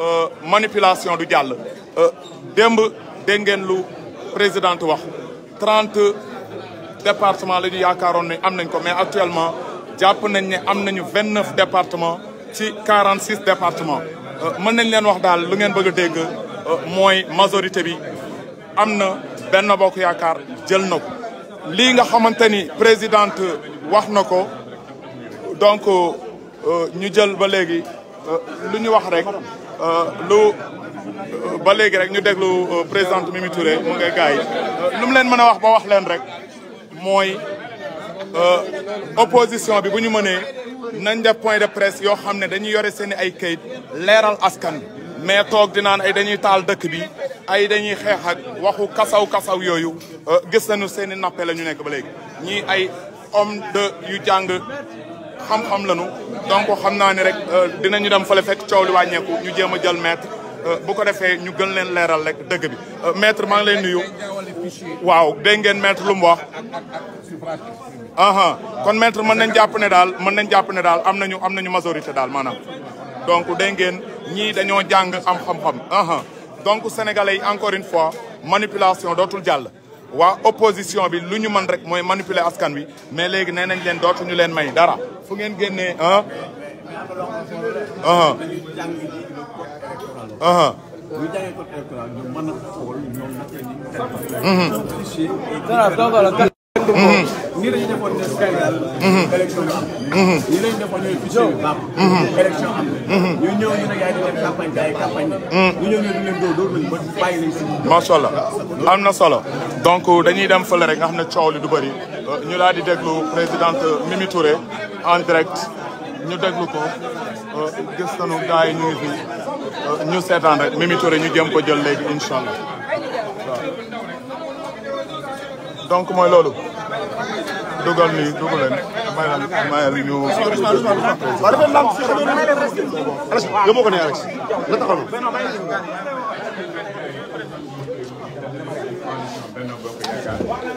Euh, manipulation du jàll euh, démb dégg ngeen lu présidente wax trente département la ñu yaakaaroon ne am nañ ko mais actuellement jàpp nañ ne am nañu vingt département ci quarante six département euh, mën nañ leen wax daal lu ngeen bëgg a dégg mooy majorité bi am na benn bokk yaakaar jël na ko lii nga xamante ni présidente wax na ko donc euh, ñu jël ba léegi euh, lu ñu wax rek euh, lu ba léegi rek ñu déglu présidente Mimi Touré mu ngay gars yi lu leen mën a wax ba wax leen rek mooy opposition bi bu ñu mënee nañ def point de presse yoo xam ne dañuy yore seen i ay kayit leeral askan mais toog di naan ay dañuy taal dëkk bi ay dañuy xeex waxu kasaw kasaw yooyu euh, gis nañu seen i nappe la ñu nekk ba léegi ñii ay om de yu jàng xam-xam lañu donc xam naa ni rek euh, dinañu dem fële fekk coow li wàññeeku ñu jéem a jël maître euh, bu ko defee ñu gën leen leeral rek dëgg bi maître maa ngi leen nuyu. waaw dégg ngeen maître lu mu wax. aha kon maître mën nañ jàpp ne daal mën nañ jàpp ne daal am nañu am nañu majorité daal maana donc dégg ngeen ñii dañoo jàng am xam-xam aha donc sénégalais yi encore une fois manipulation dootul jàll waa opposition bi lu ñu man rek mooy manipuler askan wi mais léegi nee nañ leen dootuñu leen may dara fu ngeen génnee ah ah, ah, ah. Mhm. nii la am. na solo donc dañuy dem fële rek nga xam ne coow li du bëri. ñu daal di déglu présidente Mimi Touré en direct ñu déglu ko euh, gis nañu gars yi ñu ngi euh, ñu seetaan rek Mimi Touré ñu jëm jël léegi incha allah mooy loolu. dugal nii dugaleen mayal mayal ñu. waaw dafay ndànk si xëy na Alex yow moo ko nee Alex nga taxaw na.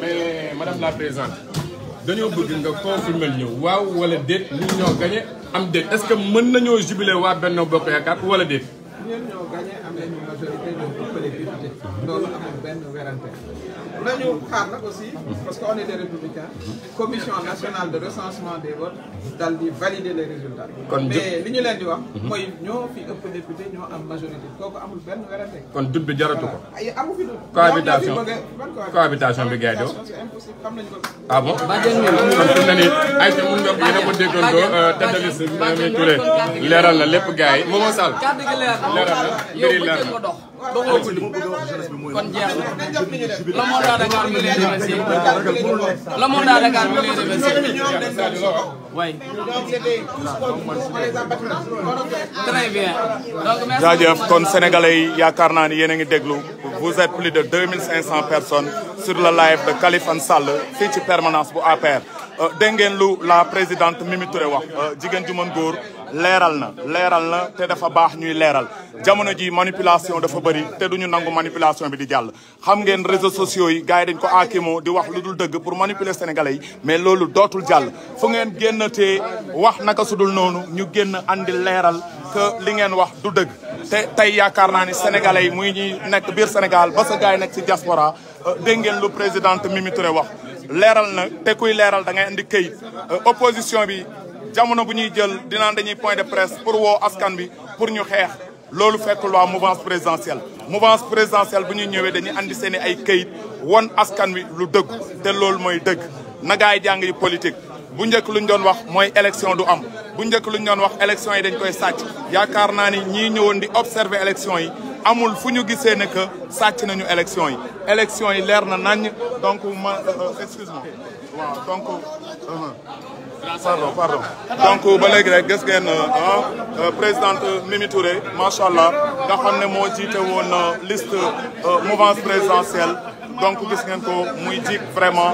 mais madame la présidente dañoo bëgg nga confirmer ñëw waaw wala déet ñun ñoo gagné am déet est-ce que mën nañoo jubilé waa Benno Bokk Yaakaar wala déet. ñun ñoo gagné am nañu majorité ñu ëppale député loolu amul benn werante. nañu xaar nag aussi commission nationale de recensement des votes dal di valider les résultats mais li ñu leen di wax mhm. mooy ñoo fi ëpp député ñoo am majorité kooku amul benn werante kon dut bi jaratu ko amu fi dut gaay doo c'est impossible xam nañu ah euh, lépp gaay Momo dogoo guddi kon jeex na le monde yaakaar naa ni yéen a ngi déglu vous êtes plus de 2500 personnes sur le live de Kaliphone Sall fii ci permanence bu APR. Euh, dégg ngeen lu la présidente Mimi Touré wax euh, jigéen ju mën góor. leeral na leeral na te dafa baax ñuy leeral jamono ji manipulation dafa bëri te du ñu nangu manipulation bi di jàll xam ngeen réseaux sociaux yi gars yi dañ ko aakimoo di wax lu dul dëgg pour manipuler sénégalais yi mais loolu dootul jàll fu ngeen génn te wax naka sudul noonu ñu génn andi leeral que li ngeen wax du dëgg te tey yaakaar naa ni sénégalais yi muy ñuy nekk biir sénégal ba sa gars yi nekk ci diaspora euh, dégg ngeen lu présidente Mimi Touré wax leeral na te kuy leeral da ngay andi këyit euh, opposition bi jamono bu ñuy jël dinaan dañuy point de presse pour woo askan bi pour ñu xeex loolu fekkul waa mouvance présidentielle mouvance présidentielle bu ñuy ñëwee dañuy andi seen ay kayit won askan wi lu dëgg te loolu mooy dëgg nagaay jàng yi politique bu njëkk lu ñu doon wax mooy élection du am bu njëkk lu ñu doon wax élection yi dañ koy sàcc yaakaar naa ni ñii ñëwoon di observer élection yi amul fu ñu gisee ne que sàcc nañu élection yi élection yi leer na nañ donc ma euh, euh, donc euh, pardon pardon donc ba léegi rek gis ngeen euh, euh, présidente Mimi Touré macha allah nga xam ne moo jiite woon euh, liste mouvance présidentielle donc gis ngeen ko muy jik vraiment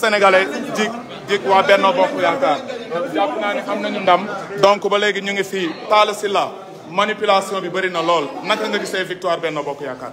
sénégalais jik jik waa Benno Bokk Yaakaar jàpp naa ne am nañu ndam donc ba léegi ñu ngi fii si la manipulation bi bëri na lool naka nga gisee victoire Benno Bokk Yaakaar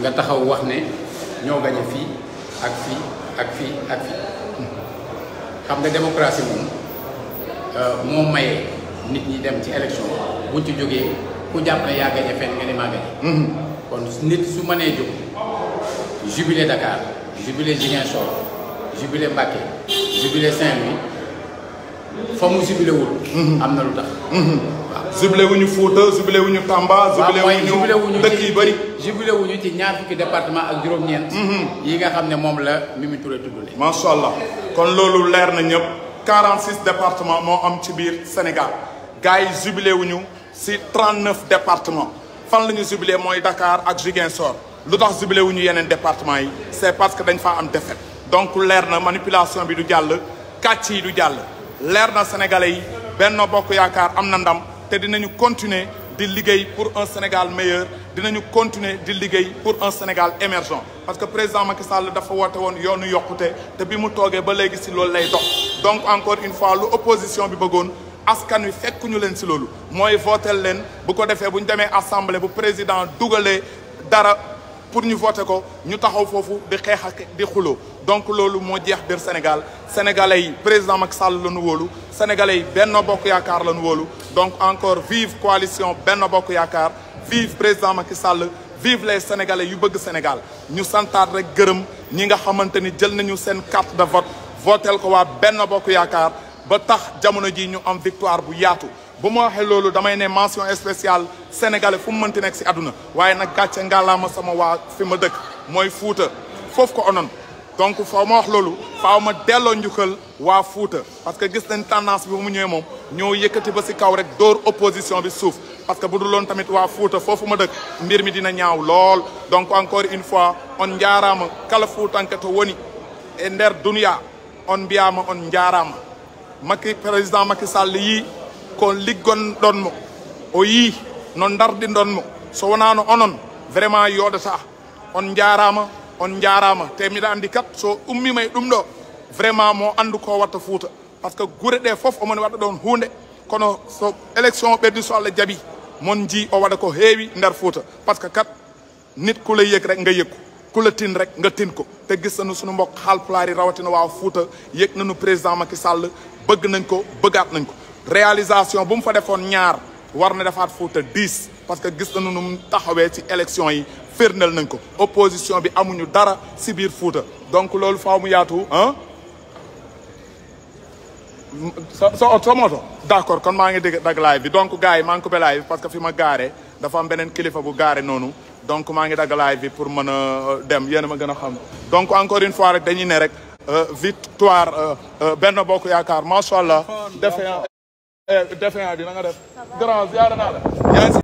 nga taxaw wax ne ñoo gañe fii ak fii ak fi ak fii xam nga démocratie moom euh, moo maye nit ñi dem ci élection buñ ci jógee ku jàpp ne yaa gañe fenn nga ne maa mm-hmm. kon nit su mënee jóg jubile Dakar jubilé Ziguinchor jubilé Mbacké jubilé Saint-Louis fa mu jubilé mm-hmm. am na lu tax mm-hmm. jubilé wuñu Fouta jubilé wuñu Tamba. wu ñu dëkk yu bëri wu ñu ci ñaar fukki département ak juróom-ñeent. Mhm. yi nga xam ne moom la Mimi Touré tuddule. macha allah kon loolu leer na ñëpp 46 département moo am ci biir Sénégal gars yi jubilé wuñu si 39 département fan la ñu jubilé mooy Dakar ak Ziguinchor lu tax jubilé wuñu yeneen département yi c'est parce que dañ faa am défaite donc leer na manipulation bi du jàll kàcc yi du jàll leer na sénégalais yi Benno Yaakaar am na ndam. te dinañu continuer di liggéey pour un Sénégal meilleur dinañu continuer di liggéey pour un Sénégal émergent parce que président Macky Sall dafa woote woon yoonu yokkute te bi mu toogee ba léegi si loolu lay dox donc encore une fois lu opposition bi bëggoon askan wi ñu leen si loolu mooy votel leen bu ko defee bu ñu demee assemblée bu président dugalee dara pour ñu voté ko ñu taxaw foofu di xeex ak di xuloo donc loolu moo jeex biir Sénégal sénégalais yi président Macky Sall la ñu wóolu sénégalais yi Benno Bokk Yaakaar la ñu wóolu donc encore vive coalition Benno Bokk Yaakaar vive président Macky Sall vive les sénégalais yu bëgg Sénégal ñu santaat rek gërëm ñi nga xamante ni jël nañu seen carte de vote votel ko waa Benno Bokk Yaakaar ba tax jamono ji ñu am victoire bu yaatu bu ma waxee loolu damay ne mention spéciale sénégalais fu mu mënti nekk si àdduna waaye nag gàcce ngàllaama sama waa fi ma dëkk mooy Fuuta foofu ko onoon donc faaw ma loolu faaw ma delloo njukkal waa Fuuta parce que gis nañ tendance bi mu ñëwee moom ñoo yëkkati ba si kaw rek dóor opposition bi suuf parce que bu dul loon tamit waa Fuuta foofu ma dëkk mbir mi dina ñaaw lool donc encore une fois on njaaraama kala fuutanke to woni e nder duniya on mbiyaama on njaaraama Macky président Macky Sall yi ko liggonɗon mo o yii no ndarɗinɗon mo so wonaano onon vraiment yoodataa on njaaraama on jarama te miɗa andi kat so ummima e ɗum ɗo vraiment mo andu ko watta fouta par ce que guure ɗe foof omone waɗa ɗon hunde kono so élection o ɓeddi so allah jaaɓi mon ji o waɗa ko heewi nder fouta parce que kat nit kula yëg rek nga yëkku kula tin rek nga tin ko te gis nañu suñu mbokk haalpulaar rawatina waa fouta yëg nañu président Macky Sall bëgg nañ ko bëggaat nañ ko réalisation bu mu fa defoon ñaar war na defaat fouta 10 parce que gis nañu nu mu taxawee ci élection yi fernal nañ ko opposition bi amuñu dara si biir Fuuta donc loolu faaw mu yaatu ah sa sa moto d'accord kon maa ngi dégg dag bi donc gars yi maa ngi coupé laay bi parce que fi ma gaare dafa am beneen kilifa bu gaare noonu donc maa ngi daggalaay bi pour mën a euh, dem yéen ma gën a xam donc encore une fois rek dañuy ne rek euh, victoire euh, benn bokk yaakaar macha allah. déféant déféant eh, bi na nga def. grand ziar naa la.